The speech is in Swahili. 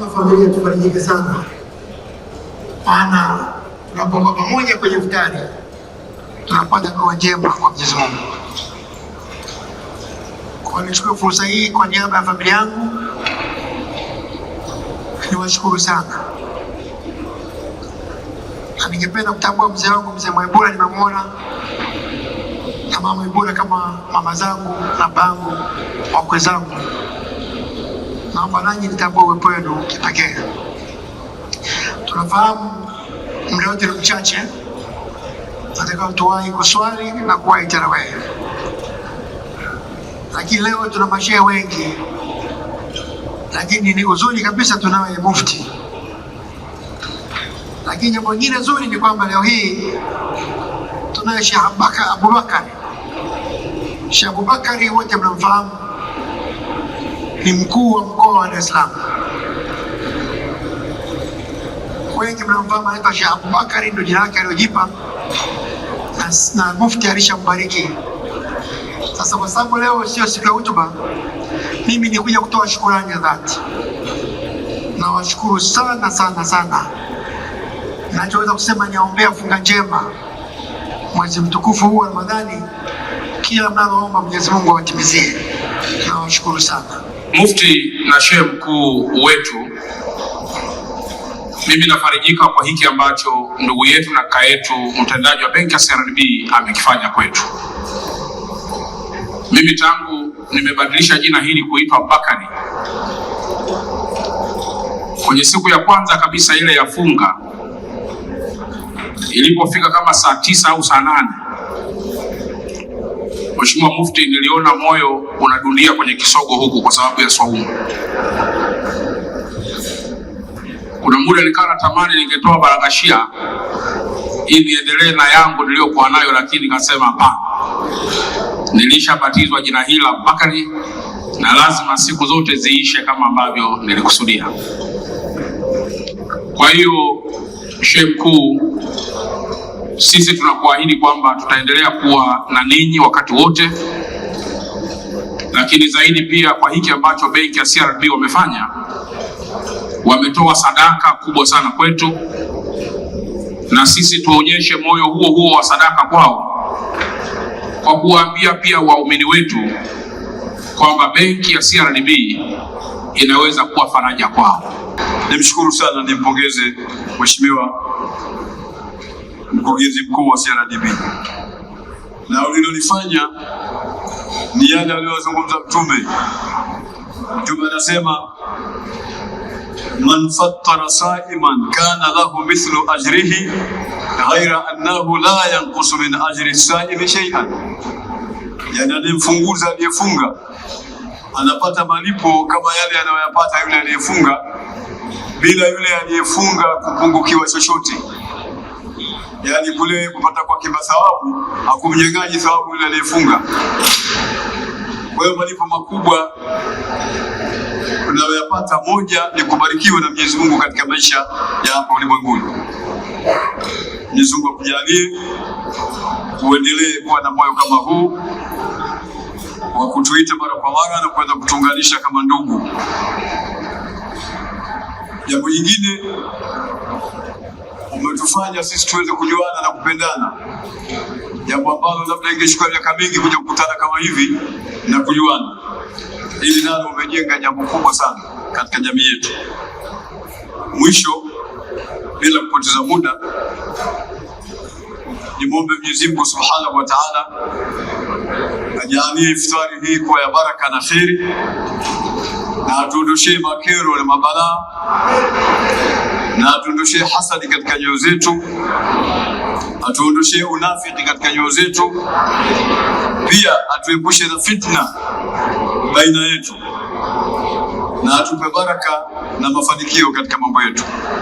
kama familia tufarijike sana, maana tunapokuwa pamoja kwenye iftari tunapata dua njema kwa Mwenyezi Mungu. Kwa nichukue fursa hii kwa niaba ya familia yangu niwashukuru sana, na ningependa kutambua mzee wangu mzee Mwaibura, nimemwona na mama Mwaibura kama mama zangu na bangu wakwe zangu naomba nanyi nitambue uwepo wenu kipekee. Tunafahamu muda wote ni mchache, natakiwa tuwahi kuswali na kuwahi tarawehe, lakini leo tuna mashehe wengi, lakini ni uzuri kabisa tunaye mufti. Lakini jambo lingine zuri ni kwamba leo hii tunaye Sheikh Abubakar. Sheikh Abubakari wote mnamfahamu ni mkuu wa mkoa wa Dar es Salaam. Wengi mnamfahamu anaitwa Sheikh Abubakari, ndio jina lake aliyojipa na, na mufti alishambariki. Sasa kwa sababu leo sio siku ya hutuba, mimi nikuja kutoa shukurani ya dhati. Nawashukuru sana sana sana. Nachoweza kusema niaombea funga njema mwezi mtukufu huu wa Ramadhani, kila mnaloomba Mwenyezi Mungu awatimizie. Nawashukuru sana. Mufti na shehe mkuu wetu, mimi nafarijika kwa hiki ambacho ndugu yetu na kaka yetu mtendaji wa benki ya CRDB amekifanya kwetu. Mimi tangu nimebadilisha jina hili kuitwa Bakari, kwenye siku ya kwanza kabisa ile ya funga ilipofika kama saa tisa au saa nane Mheshimiwa Mufti, niliona moyo unadundia kwenye kisogo huku kwa sababu ya swaumu. Kuna muda nikaa natamani ningetoa baragashia ili niendelee na yangu niliyokuwa nayo, lakini nikasema hapana, nilishabatizwa jina hili la bakari na lazima siku zote ziishe kama ambavyo nilikusudia. Kwa hiyo Sheikh mkuu sisi tunakuahidi kwamba tutaendelea kuwa na ninyi wakati wote, lakini zaidi pia kwa hiki ambacho benki ya crb wamefanya, wametoa sadaka kubwa sana kwetu, na sisi tuonyeshe moyo huo huo wa sadaka kwao kwa kuwaambia pia waumini wetu kwamba benki ya CRDB inaweza kuwa faraja kwao. Nimshukuru sana, nimpongeze mheshimiwa mkurugenzi mkuu wa CRDB, na ulilolifanya ni yale aliyozungumza Mtume. Mtume anasema man fattara saiman kana lahu mithlu ajrihi ghaira annahu la yanqusu min ajri saimi shay'an, yani alimfunguza aliyefunga anapata malipo kama yale anayoyapata yule aliyefunga bila yule aliyefunga kupungukiwa chochote yani kule kupata kwa kimba thawabu hakumnyang'anyi thawabu ile aliyefunga. Kwa hiyo malipo makubwa unayoyapata, moja ni kubarikiwa na Mwenyezi Mungu katika maisha ya hapa ulimwenguni. Mwenyezi Mungu akujalie uendelee kuwa na moyo kama huu wa kutuita mara kwa mara na kuweza kutuunganisha kama ndugu. Jambo jingine umetufanya sisi tuweze kujuana na kupendana, jambo ambalo labda ingechukua miaka mingi kuja kukutana kama hivi na kujuana. Ili nalo umejenga jambo kubwa sana katika jamii yetu. Mwisho, bila kupoteza muda, nimwombe Mwenyezi Mungu Subhanahu wa Ta'ala ajalie iftari hii kuwa ya baraka na kheri na atuondoshee makero na mabalaa na atuondoshee hasadi katika nyoyo zetu, atuondoshee unafiki katika nyoyo zetu, pia atuepushe na fitna baina yetu na atupe baraka na mafanikio katika mambo yetu.